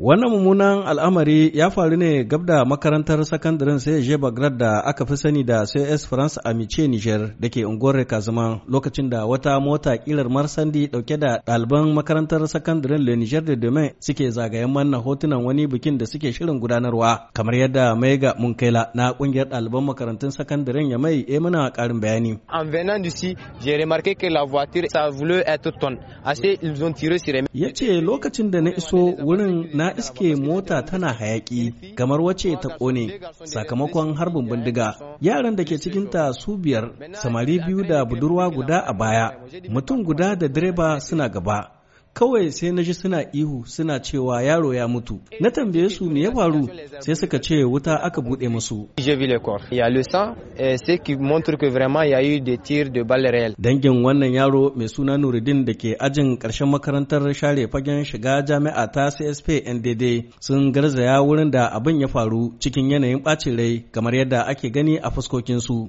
Wannan mummunan al'amari ya faru ne gab da makarantar sakandaren sai bagrad da aka fi sani da CS France Amice Niger da ke unguwar Kazuman lokacin da wata mota kilar Marsandi dauke da ɗaliban makarantar sakandaren Le Niger de Demain suke zagayen manna hotunan wani bikin da suke shirin gudanarwa kamar yadda Maiga Munkaila na kungiyar ɗaliban makarantun sakandaren ya mai e muna karin bayani. En venant d'ici, j'ai remarqué que la voiture ça voulait être ton. Assez ils ont tiré sur Yace lokacin da na iso wurin na a iske mota tana hayaki kamar wace ta kone sakamakon harbin bindiga yaran da ke cikinta su biyar samari biyu da budurwa guda a baya mutum guda da direba suna gaba kawai sai na ji suna ihu suna cewa yaro ya mutu na tambaye su me ya faru sai suka ce wuta aka bude musu de dangin wannan yaro mai suna nuruddin da ke ajin karshen makarantar share fagen shiga jami'a ta csp ndd sun garzaya wurin da abin ya faru cikin yanayin bacin rai kamar yadda ake gani a fuskokinsu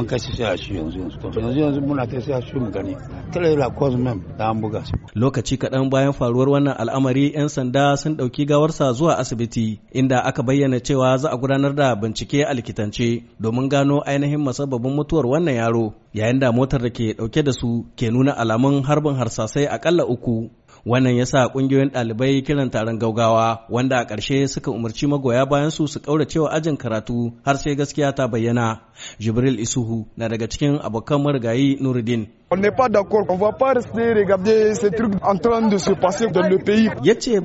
an kai sai a shi yanzu yanzu yanzu yanzu muna ta sai a shi gani kala yana cause mem da an buga lokaci kaɗan bayan faruwar wannan al'amari 'yan sanda sun ɗauki gawarsa zuwa asibiti inda aka bayyana cewa za a gudanar da bincike a likitance domin gano ainihin masababin mutuwar wannan yaro yayin da motar da ke ɗauke da su ke nuna alamun harbin harsasai akalla uku Wannan yasa sa ƙungiyoyin ɗalibai kiran taron gaugawa wanda a ƙarshe suka umarci magoya bayan su su ƙauracewa ajin karatu har sai gaskiya ta bayyana. Jibril Isuhu na daga cikin abokan marigayi Nuruddin. On n'est pas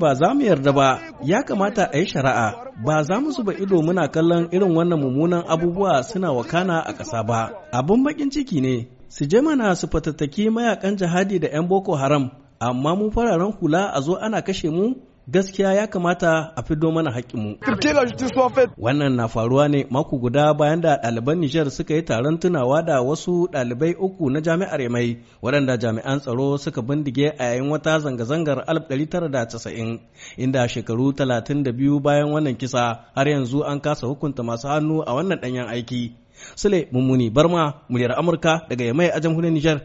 ba za mu yarda ba, ya kamata a yi shari'a. Ba za mu zuba ido muna kallon irin wannan mummunan abubuwa suna wakana a ƙasa ba. Abin bakin ciki ne, su je mana su fatattaki mayakan jihadi da 'yan Boko Haram amma mu fararen hula a zo ana kashe mu gaskiya ya kamata a fido mana haƙƙinmu. Wannan na faruwa ne mako guda bayan da ɗaliban Nijar suka yi taron tunawa da wasu ɗalibai uku na jami'ar Yamai waɗanda jami'an tsaro suka bindige a yayin wata zanga-zangar 1990 inda shekaru 32 bayan wannan kisa har yanzu an kasa hukunta masu hannu a wannan ɗanyen aiki. Sule Mummuni Barma, muryar Amurka daga Yamai a jamhuriyar Nijar.